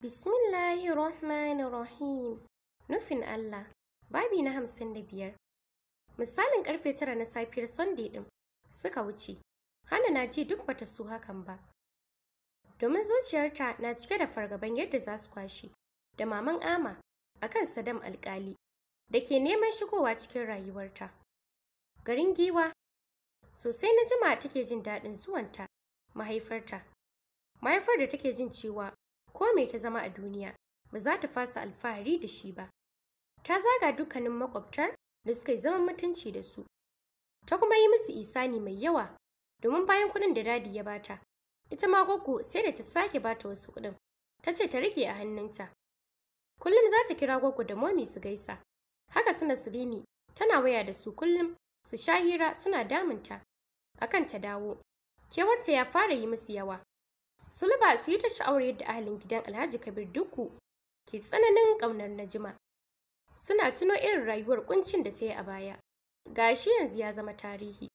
Bismillahirrahmanirrahim. Nufin Allah, babi na hamsin da biyar. Misalin karfe tara na safiyar Sunday ɗin suka wuce, Hana na ji duk bata su hakan ba. Domin zuciyarta na cike da fargaban yadda za su kwashe, da maman ama a kan Sadam alƙali da ke neman shigowa cikin rayuwarta. Garin giwa, sosai na jima take jin daɗin zuwanta, mahaifarta. Mahaifar da take jin cewa ko mai ta zama a duniya ba za ta fasa alfahari da shi ba. Ta zaga dukkanin makwabtar da suka yi zaman mutunci da su. Ta kuma yi musu isani mai yawa domin bayan kuɗin da dadi ya bata. Ita ma Goggo sai da ta sake bata wasu kuɗin. Ta ce ta rike a hannunta. Kullum za ta kira Goggo da momi su gaisa. Haka suna sirini tana waya da su kullum su sha hira suna damunta. Akan ta dawo. Kewarta ya fara yi musu yawa. Sulba su yi ta sha'awar yadda ahalin gidan Alhaji Kabir Dukku ke tsananin ƙaunar Najima. Suna tuno irin rayuwar ƙuncin da ta yi a baya. Ga shi yanzu ya zama tarihi.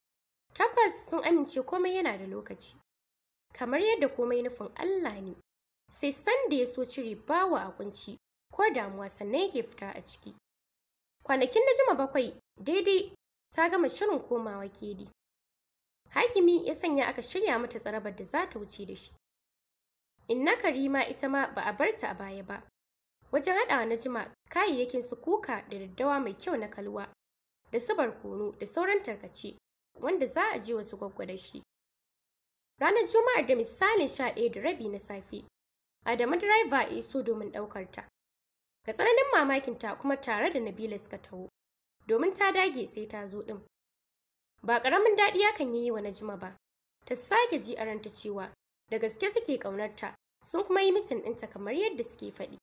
Tabbas sun amince komai yana da lokaci. Kamar yadda komai nufin Allah ne. Sai sanda ya so cire bawa a kunci ko damuwa sannan yake fita a ciki. Kwanakin Najima bakwai daidai ta gama shirin komawa kedi. Hakimi ya sanya aka shirya mata tsarabar da za ta wuce da shi. Inna Karima ita ma ba a bar ta a baya ba. Wajen haɗawa na jima kayayyakin su kuka da daddawa mai kyau na kalwa da su barkono da sauran tarkace wanda za a je wasu gwaggwada shi. Ranar Juma'ar da misalin sha ɗaya da rabi na safe, Adamu direba ya iso domin ɗaukar ta. Ga tsananin mamakin ta kuma tare da Nabila suka taho, domin ta dage sai ta zo ɗin. Ba ƙaramin daɗi ya kan yi wa Najima ba, ta sake ji a ranta cewa da gaske suke ƙaunarta sun kuma yi misin ɗinta kamar yadda suke faɗi.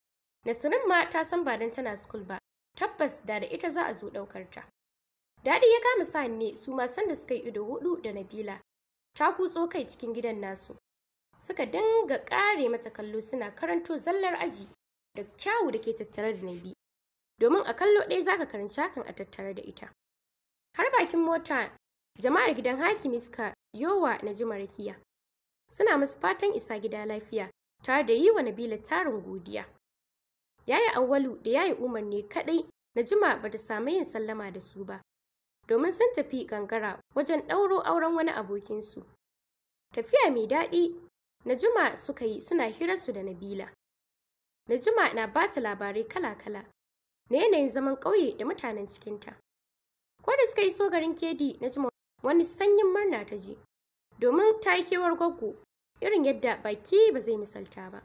Nasirin ma ta san ba don tana school ba, tabbas da da ita za a zo ɗaukar ta. Daɗi ya kama sa ne su ma da suka yi ido hudu da Nabila. Ta kutso kai cikin gidan nasu. Suka dinga ƙare mata kallo suna karanto zallar aji da kyawu da ke tattare da Nabi. Domin a kallo ɗaya zaka karanci hakan a tattare da ita. Har bakin mota jama'ar gidan hakimi suka yowa na rakiya suna masu fatan isa gida lafiya tare da yi wa Nabila tarin godiya. Yayi Awwalu da yayi Umar ne kaɗai Najima bata samu yin sallama da su ba, domin sun tafi gangara wajen ɗauro auren wani abokinsu. Tafiya mai daɗi Najima suka yi suna hirarsu da Nabila. Najima na ba ta labarai kala-kala na yanayin zaman ƙauye da mutanen cikinta. Ko da suka iso garin Kedi, Najima wani sanyin murna ta ji, domin ta yi irin yadda baki ba zai misalta ba.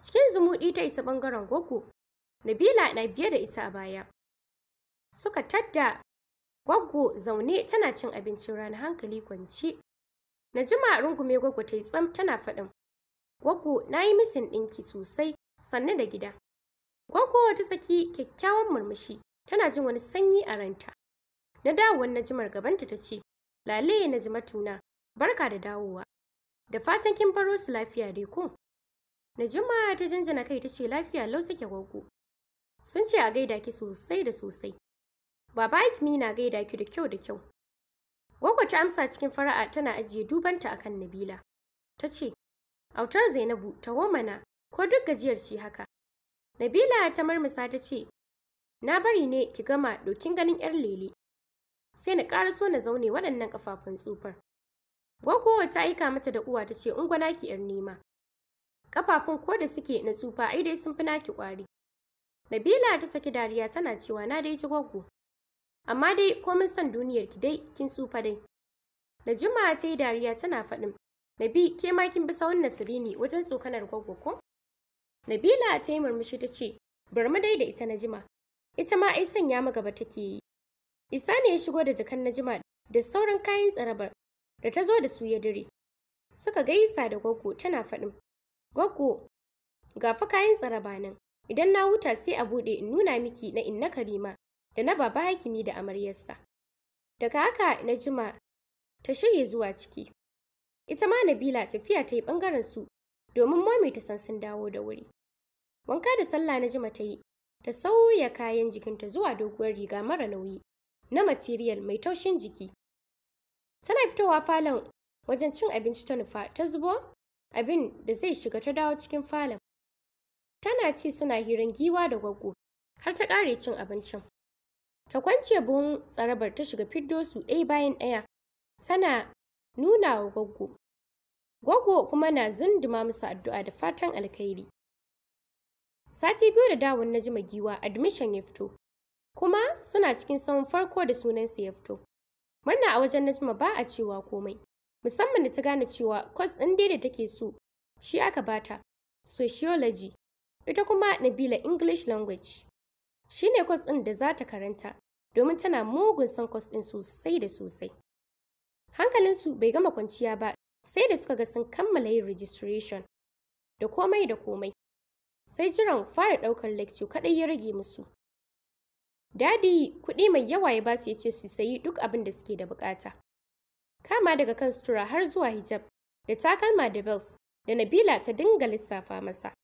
Cikin zumuɗi ta isa ɓangaren gwaggo, Nabila na biye da ita a baya. Suka tadda gwaggo zaune tana cin abincin rana hankali kwanci. Najima rungume gwaggo ta yi tsam tana faɗin. Gwaggo na yi misin ɗinki sosai sannu da gida. Gwaggo ta saki kyakkyawan murmushi tana jin wani sanyi a ranta. Na dawowar Najimar gabanta ta ce, Lale na tuna, Barka da dawowa. Da fatan kin baro su lafiya dai ko? Najima ta jinjina kai ta ce lafiya lau suke gwaggo. Sun ce a gaida ki sosai da sosai. Baba Ikmi na gaida ki da kyau da kyau. Gwaggo ta amsa cikin fara'a tana ajiye dubanta a kan Nabila. Ta ce, Autar Zainabu ta womana ko duk gajiyar ce haka. Nabila ta marmisa ta ce, Na bari ne ki gama dokin ganin ‘yar lele, sai na ƙara so na zaune waɗannan ƙafafun tsufar. Gwaggo ta aika mata da uwa ta ce in gwana ki yar nema. Kafafun ko da suke na tsufa ai dai sun fi naki kwari. Nabila ta saki dariya tana cewa na dai ji gwaggo. Amma dai komin son duniyar ki dai kin tsufa dai. Najima ta yi dariya tana faɗin. Nabi ke ma kin bi sawun ne wajen tsokanar gwaggo ko? Nabila ta yi murmushi ta ce bar mu dai da ita Najima. Ita ma ai sanya magaba take yi. Isa ne ya shigo da jakan Najima da sauran kayan tsarabar da ta zo da su ya dire. Suka gaisa da goggo tana faɗin, Goggo, ga fa kayan tsaraba nan, idan na huta sai a buɗe in nuna miki na inna karima da na baba hakimi da amaryarsa. Daga haka na jima ta shige zuwa ciki. Ita ma Nabila tafiya ta yi ɓangaren su domin momi ta san sun dawo da wuri. Wanka da sallah na jima ta yi, ta sauya kayan jikinta zuwa doguwar riga mara nauyi na material mai taushin jiki Tana fitowa falon wajen cin abinci ta nufa ta zubo abin da zai shiga ta dawo cikin falon. Tana ci suna hirin giwa da gwaggo har ta ƙare cin abincin. Ta kwance buhun tsarabar ta shiga fiddo su ɗaya bayan ɗaya. Tana nuna wa gwaggo. Gwaggo kuma na zunduma musu addu'a da fatan alkhairi. Sati biyu da dawon na jima giwa admission ya fito. Kuma suna cikin sahun farko da sunansa ya fito. Murna a wajen Najma ba a cewa komai, musamman da ta gane cewa kwas ɗin dai da take so shi aka bata, sociology, ita kuma Nabila English language. Shi ne kwas ɗin da za ta karanta, domin tana mugun son kwas ɗin sosai da sosai. Hankalinsu bai gama kwanciya ba sai da suka ga sun kammala yin registration da komai da komai. Sai jiran fara ɗaukar lecture kaɗai ya rage musu. Dadi kuɗi mai yawa ya basu ya ce su sayi duk abin da suke da bukata. Kama daga kan sutura har zuwa hijab, da takalma da bells, da Nabila ta dinga lissafa masa.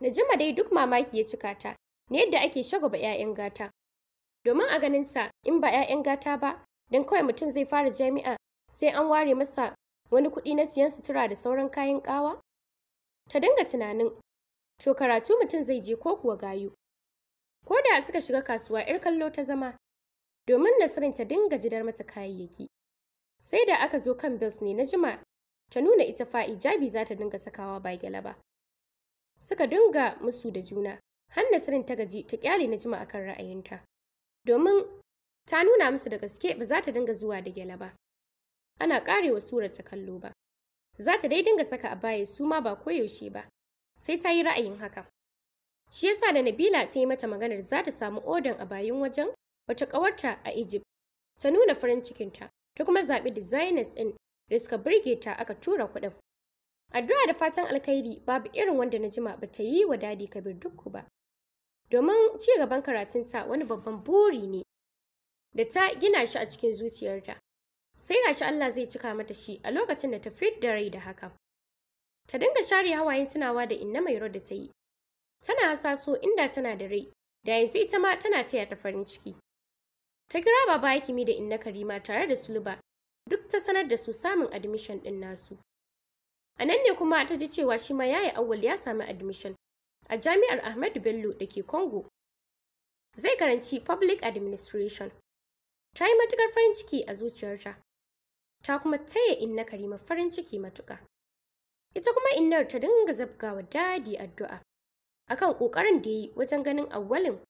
Najima dai duk mamaki ya cika ta, na yadda ake shagaba 'ya'yan gata. Domin a ganinsa in ba 'ya'yan gata ba, don kawai mutum zai fara jami'a sai an ware masa wani kuɗi na siyan sutura da sauran kayan ƙawa? Ta dinga tunanin, to karatu mutum zai je ko kuwa gayu. Ko da suka shiga kasuwa 'yar kallo ta zama, domin Nasirin ta dinga jidar mata kayayyaki. Sai da aka zo kan Bills ne na jima ta nuna ita fa jabi za ta dinga sakawa ba gyala ba. Suka dinga musu da juna, har Nasirin ta gaji ta kyale na jima akan ra'ayinta. Domin ta nuna musu da gaske ba za ta dinga zuwa da gyala ba. Ana karewa surar ta kallo ba. Za ta dai dinga saka baya su ma ba koyaushe ba. Sai ta yi ra'ayin haka. Shi yasa da Nabila ta yi mata maganar za ta samu odan a bayan wajen wata ƙawarta a Egypt. Ta nuna farin cikinta, ta kuma zaɓi designers ɗin da suka birge ta aka tura kuɗin. Addu'a da fatan alkhairi babu irin wanda na jima ba ta yi wa Dadi Kabir Dukku ba. Domin ci gaban karatunta wani babban buri ne da ta gina shi a cikin zuciyarta. Sai ga shi Allah zai cika mata shi a lokacin da ta fit da rai da haka. Ta dinga share hawayen tunawa da inna mai da ta yi, Tana hasaso inda tana da rai, da yanzu ita ma tana taya ta farin ciki. Ta kira baba Hakimi da Inna Karima tare da Suluba, duk ta sanar da su samun admission ɗin nasu. A nan ne kuma ta ji cewa shi ma yayi awwal ya samu admission a jami'ar Ahmadu Bello da ke Congo. Zai karanci Public Administration. Ta yi matuƙar farin ciki a zuciyarta, ta kuma taya Inna Karima farin ciki matuƙa. Ita kuma Innar ta dinga zabgawa dadi addu'a. akan ƙoƙarin da ya yi wajen ganin awwalin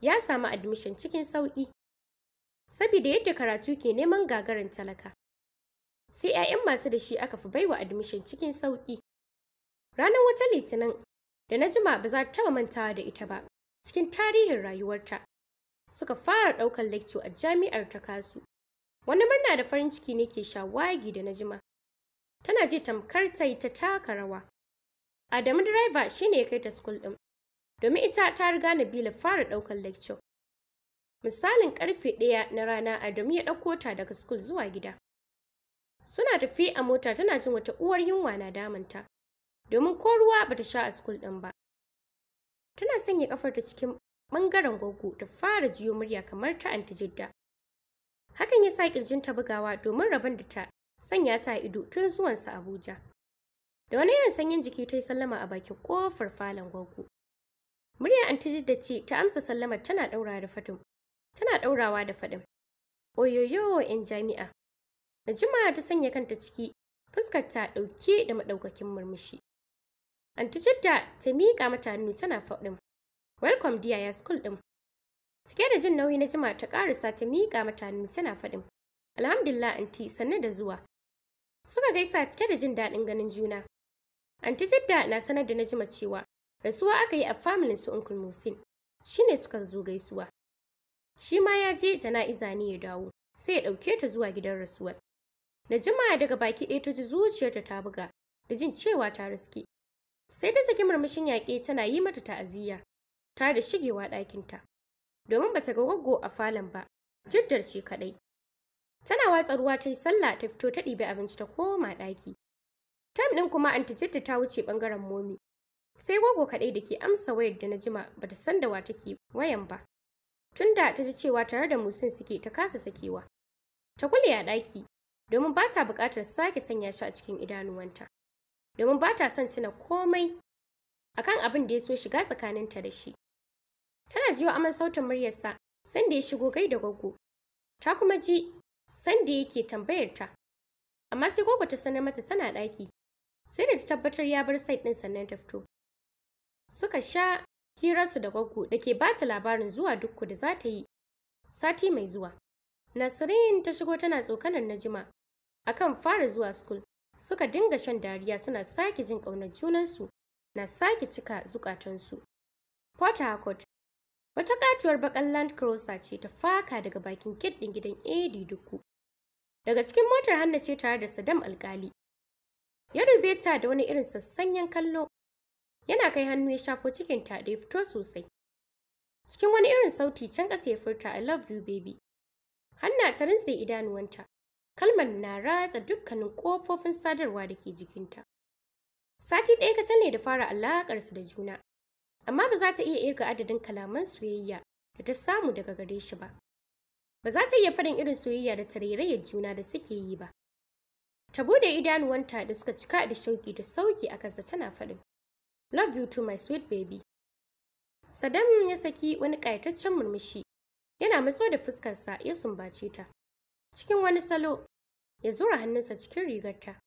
ya samu admission cikin sauƙi. Saboda yadda karatu ke neman gagarin talaka. Sai 'ya'yan masu da shi aka fi baiwa admission cikin sauƙi. Ranar wata litinin da na jima ba za ta taɓa mantawa da ita ba cikin tarihin rayuwarta. Suka fara ɗaukar lecture a jami'ar ta kasu. Wani murna da farin ciki ne ke shawagi da na jima. Tana je tamkar ta yi ta taka rawa. Adamu driver shine ya kai ta school ɗin. domin ita ta riga Nabila fara ɗaukar lecture. Misalin karfe ɗaya na rana Adamu ya ɗauko ta daga school zuwa gida. Suna tafi a mota tana jin wata uwar yunwa na damanta, domin ko ruwa bata sha a school ɗin ba. Tana sanya kafar ta cikin ɓangaren gwaggo ta fara jiyo murya kamar ta anti jidda. Hakan ya sa ta bugawa domin rabon da ta sanya ta ido tun zuwansa Abuja. Da wani irin sanyin jiki ta yi sallama a bakin ƙofar falon gwaggo. Murya anti Jidda ce ta amsa sallamar tana ɗaura da fadin. Tana ɗaurawa da fadin. Oyoyo 'yan jami'a. Najima ta sanya kanta ciki, fuskar ta ɗauke da maɗaukakin murmushi. Anti Jidda ta miƙa mata hannu tana faɗin. Welcome dear ya school ɗin. Cike da jin nauyi Najima ta ƙarisa ta miƙa mata hannu tana faɗin. Alhamdulillah anti sannu da zuwa. Suka gaisa cike da jin daɗin ganin juna. Anti Jidda na sanar da Najima cewa Rasuwa aka yi a familin su Uncle Musin, shi ne suka zo gaisuwa. Shi ma ya je jana'iza ne ya dawo, sai ya ɗauke ta zuwa gidan rasuwar. Da jima'a daga baki ɗaya ta ji zuciyarta ta buga, da jin cewa ta riske. Sai ta saki murmushin yaƙe tana yi mata ta'aziyya, tare da shigewa ɗakinta. Domin bata ga gwaggo a falon ba, jiddar ce kaɗai. Tana watsa ruwa ta yi sallah ta fito ta ɗibi abinci ta koma ɗaki. Tam ɗin kuma anti jidda ta wuce ɓangaren momi, sai gogo kaɗai da ke amsa wayar da na jima ba ta san da wa take wayan ba Tun da ta ji cewa tare da musin suke ta kasa sakewa ta kule a ɗaki domin ba ta buƙatar sake sanya shi a cikin idanuwanta domin ba ta son tuna komai akan abin da ya so shiga tsakaninta da shi tana jiwa aman sautin muryarsa sanda ya shigo gai da gwaggo ta kuma ji sanda yake tambayar ta amma sai gogo ta sanar mata tana ɗaki sai da ta tabbatar ya bar site ɗin sannan ta fito suka sha hirarsu da gwaggo da ke bata labarin zuwa dukku da za ta yi sati mai zuwa. Nasirin ta shigo tana tsokanar Najima akan fara zuwa skul suka dinga shan dariya suna sake jin ƙaunar junansu na sake cika zukatansu. Port Harcourt wata katuwar bakan Land Cruiser ce ta faka daga bakin gate ɗin gidan AD duku. Daga cikin motar hannace ce tare da Saddam alkali. Ya rube ta da wani irin sassanyen kallo yana kai hannu ya shafo cikin ta da ya fito sosai cikin wani irin sauti can ƙasa ya furta i love you baby hanna ta rinse idanuwanta kalmar na ratsa dukkanin ƙofofin sadarwa da ke jikinta sati ɗaya ka ne da fara alaƙarsu da juna amma ba za ta iya irga adadin kalaman soyayya da ta samu daga gare shi ba ba za ta iya faɗin irin soyayya da tarairayar juna da suke yi ba ta bude idanuwanta da suka cika da shauki da sauki a kansa tana faɗin Love you too my sweet baby. Saddam ya saki wani ƙayataccen murmushi, yana matso da fuskarsa ya sumbace ta. Cikin wani salo, ya zura hannunsa cikin rigar ta.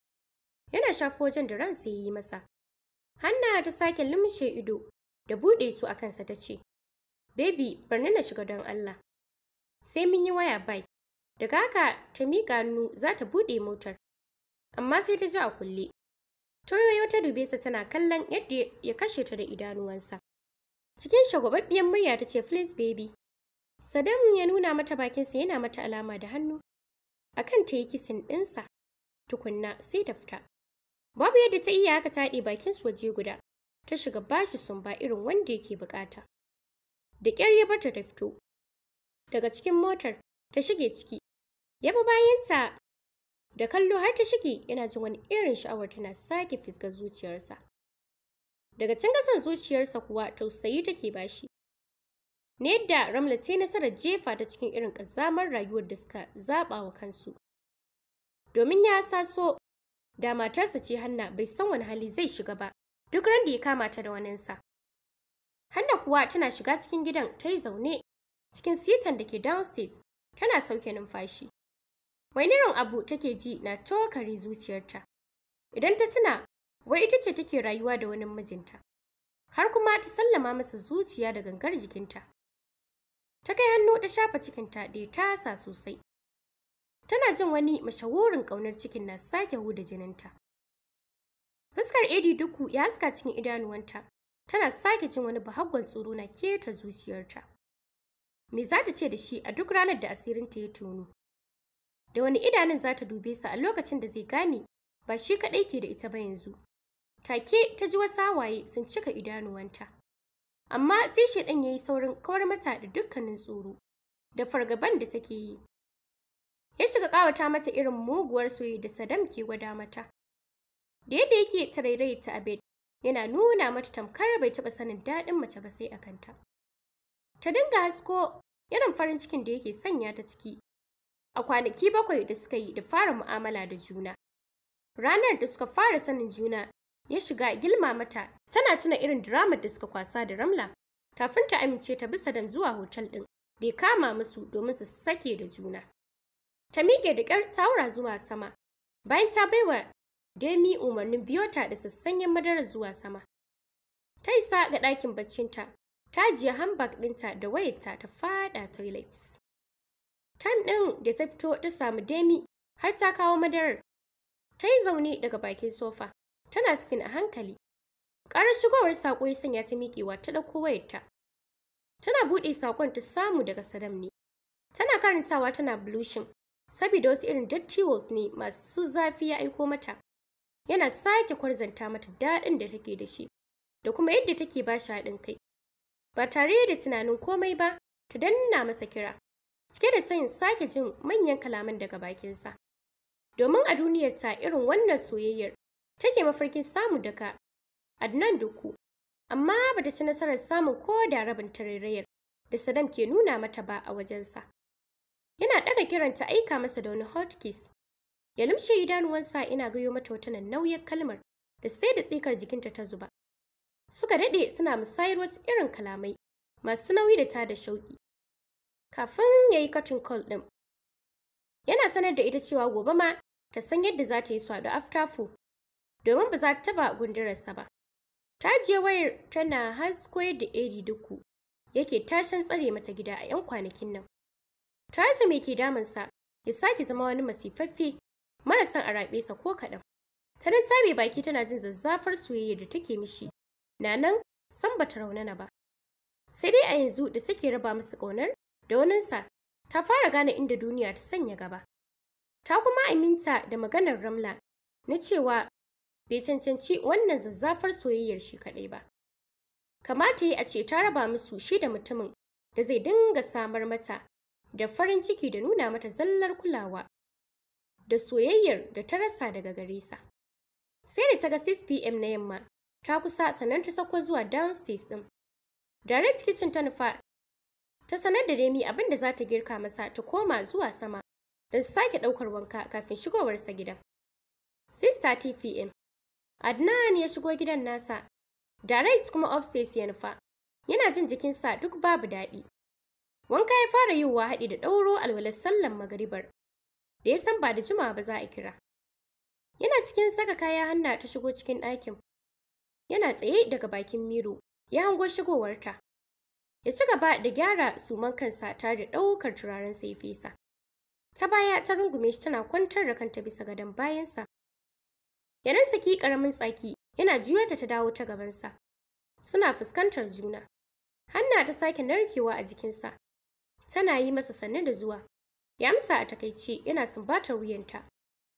Yana shafo wajen da ransa ya yi masa. Hanna ta sake lumshe ido da buɗe su a kansa ta ce, Baby, barni na shiga don Allah. Sai mun yi waya bai. Daga haka ta miƙa hannu za ta buɗe motar. Amma sai ta ji a kulle. Toyoyo ta dube sa tana kallon yadda ya kashe ta da idanuwansa. Cikin shagwabbiyar murya ta ce, Please baby. Sadam ya nuna mata bakinsa yana mata alama da hannu. Akan ta yi kisin ɗinsa. Tukunna sai ta fita. Babu yadda ta iya haka ta haɗe bakin waje guda. Ta shiga bashi sun ba irin wanda yake buƙata. Da ƙyar ya barta ta fito. Daga cikin motar, ta shige ciki. yaba bi bayanta Da kallo har ta shige yana jin wani irin sha'awar tana sake fisgar zuciyarsa. Daga can kasan zuciyarsa kuwa tausayi take bashi. Ne yadda Ramla ta yi nasarar jefa ta cikin irin ƙazamar rayuwar da suka zaɓa wa kansu. Domin ya so da matarsa ce Hanna bai san wani hali zai shiga ba, duk ran da ya kama ta da waninsa. Hanna kuwa tana shiga cikin gidan ta yi zaune cikin sitan da ke downstairs tana sauke numfashi. Wani abu take ji na tokare zuciyarta. Idan ta tuna, wai ita ce take rayuwa da wani mijinta. Har kuma ta sallama masa zuciya da gangar jikinta. Ta kai hannu ta shafa cikinta da ya tasa sosai. Tana jin wani mashahurin ƙaunar cikin na sake huda jininta. Fuskar Edi duku ya haska cikin idanuwanta, tana sake jin wani bahaggon tsoro na keta zuciyarta. Me za ta ce da shi a duk ranar da asirinta ya tono? da wani idanun za ta dube sa a lokacin da zai gane ba shi kaɗai ke da ita ba yanzu. Take ta ji wasu hawaye sun cika idanuwanta. Amma sai shaidan ya yi saurin kawar mata da dukkanin tsoro da fargaban da take yi. Ya shiga ƙawata mata irin muguwar soyayya da Sadam ke gwada mata. Da yadda yake tarairayi ta abed yana nuna mata tamkar bai taɓa sanin daɗin mace ba sai a kanta. Ta dinga hasko irin farin cikin da yake sanya ta ciki a kwanaki bakwai da suka yi da fara mu'amala da juna. Ranar da suka fara sanin juna ya shiga gilma mata tana tuna irin diramar da suka kwasa da Ramla kafin ta amince ta bisa dan zuwa hotel ɗin da ya kama musu domin su sake da juna. Ta miƙe da ƙyar taura zuwa sama bayan ta baiwa Demi umarnin biyota da sassanyen madarar zuwa sama. Ta isa ga ɗakin baccinta, ta jiya handbag ɗinta da wayarta ta faɗa toilets Time ɗin da ta fito ta samu Demi har ta kawo madarar. Ta yi zaune daga bakin sofa, tana sifin a hankali. Ƙarar shigowar saƙo ya sanya ta miƙewa ta ɗauko wayarta. Tana buɗe saƙon ta samu daga Sadam ne. Tana karantawa tana blushin, saboda wasu irin dirty words ne masu zafi ya aiko mata. Yana sake kwarzanta mata daɗin da take da shi, da kuma yadda take ba shi haɗin kai. Ba tare da tunanin komai ba, ta danna masa kira. cike da son sake jin manyan kalaman daga bakinsa. Domin a duniyar ta irin wannan soyayyar take mafarkin samu daga Adnan Duku, amma bata ci nasarar samun ko da rabin tarairayar da Saddam ke nuna mata ba a wajensa. Yana ɗaga kiranta aika masa da wani kiss, Ya lumshe idanuwansa ina gayo mata wata nauyin kalmar da sai da tsikar jikinta ta zuba. Suka daɗe suna musayar wasu irin kalamai masu nauyi da ta da shauƙi. kafin ya yi katin kol ɗin. Yana sanar da ita cewa gobe ma ta san yadda za ta yi su haɗu aftafu domin ba za ta taba gundurarsa ba. Ta je wayar tana hasko da Eri duku yake tashin tsare mata gida a 'yan kwanakin nan. Ta rasa me ke damunsa ya sake zama wani masifaffe marasan a raɓe sa ko kaɗan. Ta nan ta mai baki tana jin zazzafar soyayyar da take mishi, na nan san bata raunana ba. Sai dai a yanzu da take raba masa ƙaunar da waninsa ta fara gane inda duniya ta sanya gaba. Ta kuma aminta da maganar Ramla na cewa bai cancanci wannan zazzafar soyayyar shi kaɗai ba. Kamata yi a ce ta raba musu shi da mutumin da zai dinga samar mata da farin ciki da nuna mata zallar kulawa da soyayyar da ta rasa daga gare sa. Sai da ta ga 6 pm na yamma ta kusa sannan ta sako zuwa downstairs ɗin. Direct kitchen ta nufa ta sanar da Remi abin da za ta girka masa ta koma zuwa sama don sake ɗaukar wanka kafin shigowarsa gidan. Sista TPM Adnan ya shigo gidan nasa, Direct kuma upstairs ya nufa, yana jin jikinsa duk babu daɗi. Wanka ya fara yiwuwa haɗi da ɗauro alwalar sallan magaribar, da ya san ba da jimawa ba za a kira. Yana cikin saka kaya hanna ta shigo cikin ɗakin. Yana tsaye daga bakin miro, ya hango shigowarta. ya ci gaba da gyara suman kansa tare da ɗaukar turaren sai fesa. Ta baya ta rungume shi tana kwantar da kanta bisa gadon bayansa. Yanan saki ƙaramin tsaki yana juya ta ta dawo ta gabansa. Suna fuskantar juna. Hanna ta sake narkewa a jikinsa. Tana yi masa sannu da zuwa. Ya amsa a takaice yana sumbatar wuyanta.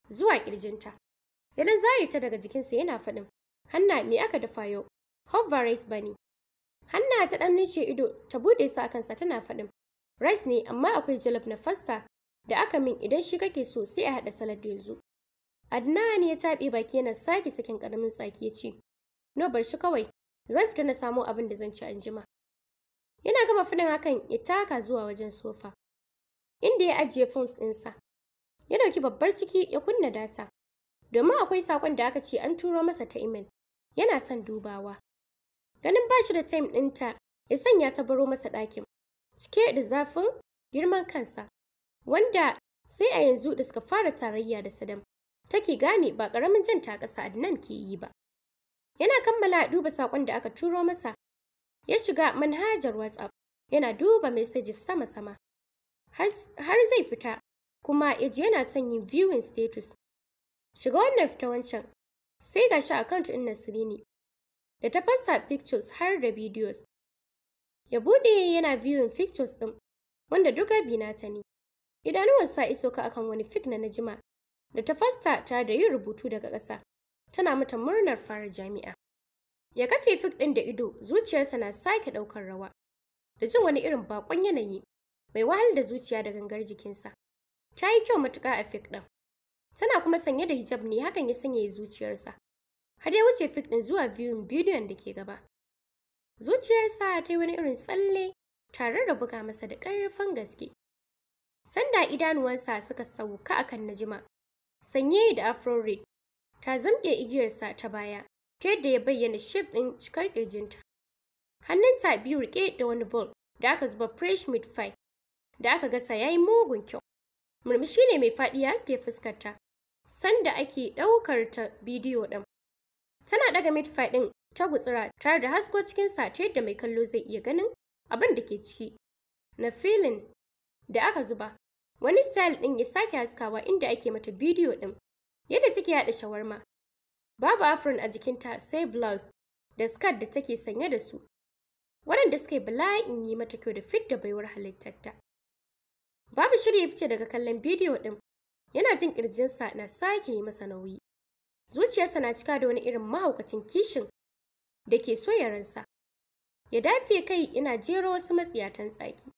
Zuwa ƙirjinta. Yanan zare ta daga jikinsa yana faɗin. Hanna me aka dafa yau? Hot ba bane. Hanna ta ɗan nice ido ta buɗe su akansa tana faɗin. Rice ne amma akwai jalof na fasta da aka min idan shi kake so sai a haɗa salad da yanzu. Adnan ya taɓe baki yana sake sakin ƙaramin tsaki ya ce, No bar shi kawai, zan fita na samo abin da zan ci anjima. Yana gama fadin hakan ya taka zuwa wajen sofa. Inda ya ajiye phones ɗinsa. Ya ɗauki babbar ciki ya kunna data. Domin akwai saƙon da aka ce an turo masa ta imel. Yana son dubawa. Ganin ba shi da taim ɗinta, ya sanya ta baro masa ɗakin. Cike da zafin girman kansa, wanda sai a yanzu da suka fara tarayya da Sadam, take gane ba ƙaramin jan ta ƙasa Adnan ke yi ba. Yana kammala duba saƙon da aka turo masa, ya shiga manhajar WhatsApp, yana duba messages sama-sama. Har zai fita, kuma ya ji yana son yin viewing status. Shiga wannan fita wancan, sai ga shi account ɗin sirini da ta fasta pictures har da videos. Ya buɗe yana viewing pictures ɗin, wanda duk rabi na ta ne. Idanuwan sa iso ka akan wani fig na najima da ta fasta tare da yin rubutu daga ƙasa. Tana mata murnar fara jami'a. Ya kafe fig ɗin da ido, zuciyarsa na sake ɗaukar rawa. Da jin wani irin baƙon yanayi, mai wahal da zuciya da gangar jikinsa. Ta yi kyau matuƙa a fig ɗin. Tana kuma sanye da hijab ne hakan ya sanyaya zuciyarsa. har ya wuce fik ɗin zuwa biyun bidiyon da ke gaba. Zuciyarsa ta yi wani irin tsalle tare da buga masa da ƙarfin gaske. Sanda idanuwansa suka sauka akan Najima, sanye da afro red, ta zamke igiyarsa ta baya, ta yadda ya bayyana shef ɗin cikar ƙirjinta. Hannunta biyu riƙe da wani bol da aka zuba fresh meat pie da aka gasa ya yi mugun kyau. Murmushi ne mai faɗi ya haske fuskarta, sanda ake ɗaukar ta bidiyo ɗin. Tana ɗaga mitfai ɗin ta gutsira tare da hasko cikinsa ta yadda mai kallo zai iya ganin abin da ke ciki. Na filin da aka zuba, wani style ɗin ya sake haskawa inda ake mata bidiyo ɗin, yadda take yaɗa shawarma. Babu afrin a jikinta sai blouse da skirt da take sanye da su, waɗanda suka yi in yi mata kyau da fit da baiwar halittarta. Babu shirya fice daga kallon bidiyo ɗin, yana jin ƙirjinsa na sake yi masa nauyi. zuciyarsa na cika da wani irin mahaukacin kishin da ke soya ransa. Ya dafe kai ina jero wasu matsiyatan tsaki.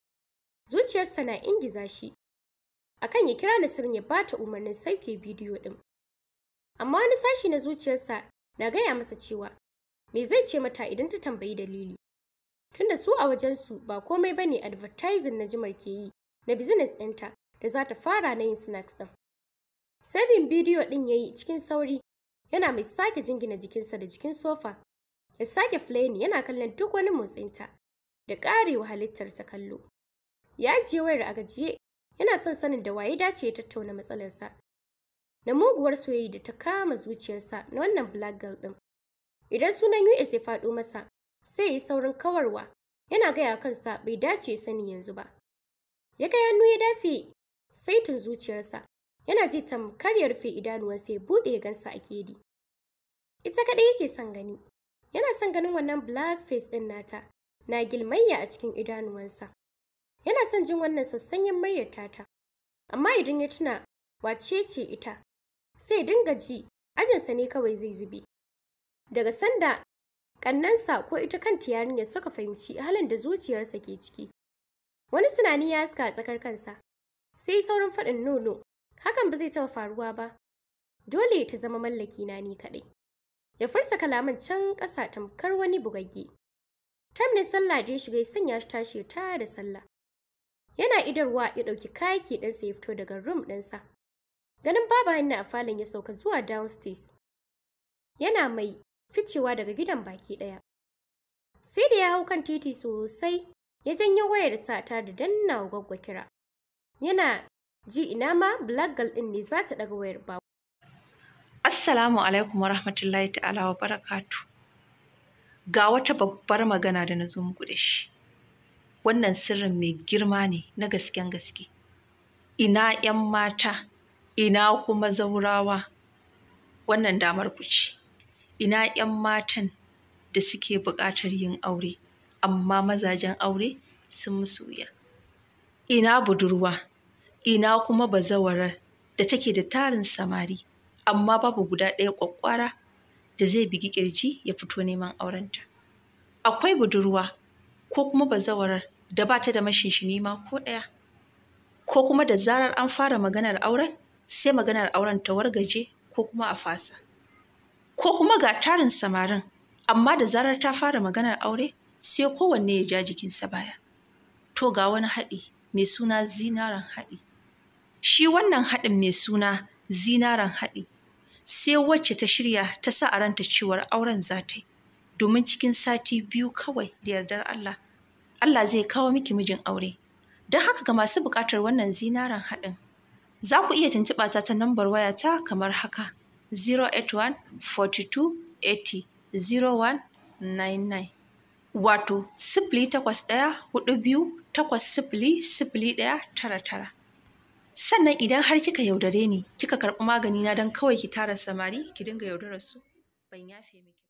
Zuciyarsa na ingiza shi. Akan ya kira Nasir ya ba ta umarnin sauke bidiyo ɗin. Amma wani sashi na zuciyarsa na gaya masa cewa me zai ce mata idan ta tambayi dalili. Tunda su a wajensu ba komai ba ne advertising na jimar ke yi na business ɗinta da za ta fara na yin snacks ɗin. Sabin bidiyo ɗin ya yi cikin sauri yana mai sake jingina jikinsa da jikin sofa. Ya sake Flaney yana kallon duk wani motsinta da ƙarewa ta kallo. Ya ajiye wayar a gajiye yana son sanin da waye dace ya tattauna matsalarsa. Na muguwar soyayya da ta kama zuciyarsa na wannan black girl ɗin. Idan sunan US ya faɗo masa, sai ya yi saurin kawarwa, yana gaya kansa bai dace sani yanzu ba. Ya ga hannu ya dafe saitin zuciyarsa, yana ji tamkar ya rufe idanuwansa ya buɗe ya gansa a kedi. ita kaɗai yake son gani yana son ganin wannan black face ɗin nata na gilmayya a cikin idanuwansa yana son jin wannan sassanyen muryar tata amma idan ya tuna wace ce ita sai dinga ji ajinsa ne kawai zai zube daga sanda ƙannansa ko ita kanta yarinyar suka fahimci halin da zuciyarsa ke ciki wani tunani ya haska a tsakar kansa sai saurin faɗin nono hakan ba zai taɓa faruwa ba dole ta zama mallaki na ni kaɗai ya farsa kalaman can ƙasa tamkar wani bugagge. Tam ne sallah da ya shiga ya sanya shi tashi ta da sallah. Yana idarwa ya ɗauki kayaki ɗansa ya fito daga room ɗinsa. Ganin Baba hannu a falon ya sauka zuwa downstairs. Yana mai ficewa daga gidan baki ɗaya. Sai da ya hau kan titi sosai ya janyo wayar sata da danna gwaggwa kira. Yana ji ina ma black girl ɗin ne za ta ɗaga wayar ba Assalamu alaikum wa rahmatullahi ta'ala wa barakatu. Ga wata babbar magana da na zo muku da shi. Wannan sirrin mai girma ne na gasken gaske. Ina ‘yan mata, ina kuma zaurawa, wannan damar ku ce. Ina ‘yan matan da suke buƙatar yin aure, amma mazajen aure sun musu wuya. Ina budurwa, ina kuma bazawarar da take da tarin samari. amma babu guda ɗaya ƙwaƙƙwara da zai bigi ƙirji ya fito neman aurenta. Akwai budurwa ko kuma bazawarar da ba ta da mashinshini ma ko ɗaya, ko kuma da zarar an fara maganar auren sai maganar auren ta wargaje ko kuma a fasa. Ko kuma ga tarin samarin, amma da zarar ta fara maganar aure sai kowanne ya ja jikinsa baya. To ga wani haɗi mai suna zinaren haɗi. Shi wannan haɗin mai suna zinaren haɗi sai wacce ta shirya ta sa a ranta cewar auren za ta yi domin cikin sati biyu kawai da yardar Allah Allah zai kawo miki mijin aure don haka ga masu buƙatar wannan zinaren haɗin za ku iya tuntuɓa ta ta nambar ta kamar haka 081 42 80 0199 wato sifili takwas ɗaya hudu biyu takwas sifili sifili ɗaya tara tara sannan idan har kika yaudare ni kika karɓi magani na don kawai ki tara samari ki dinga yaudarar su ban yafe miki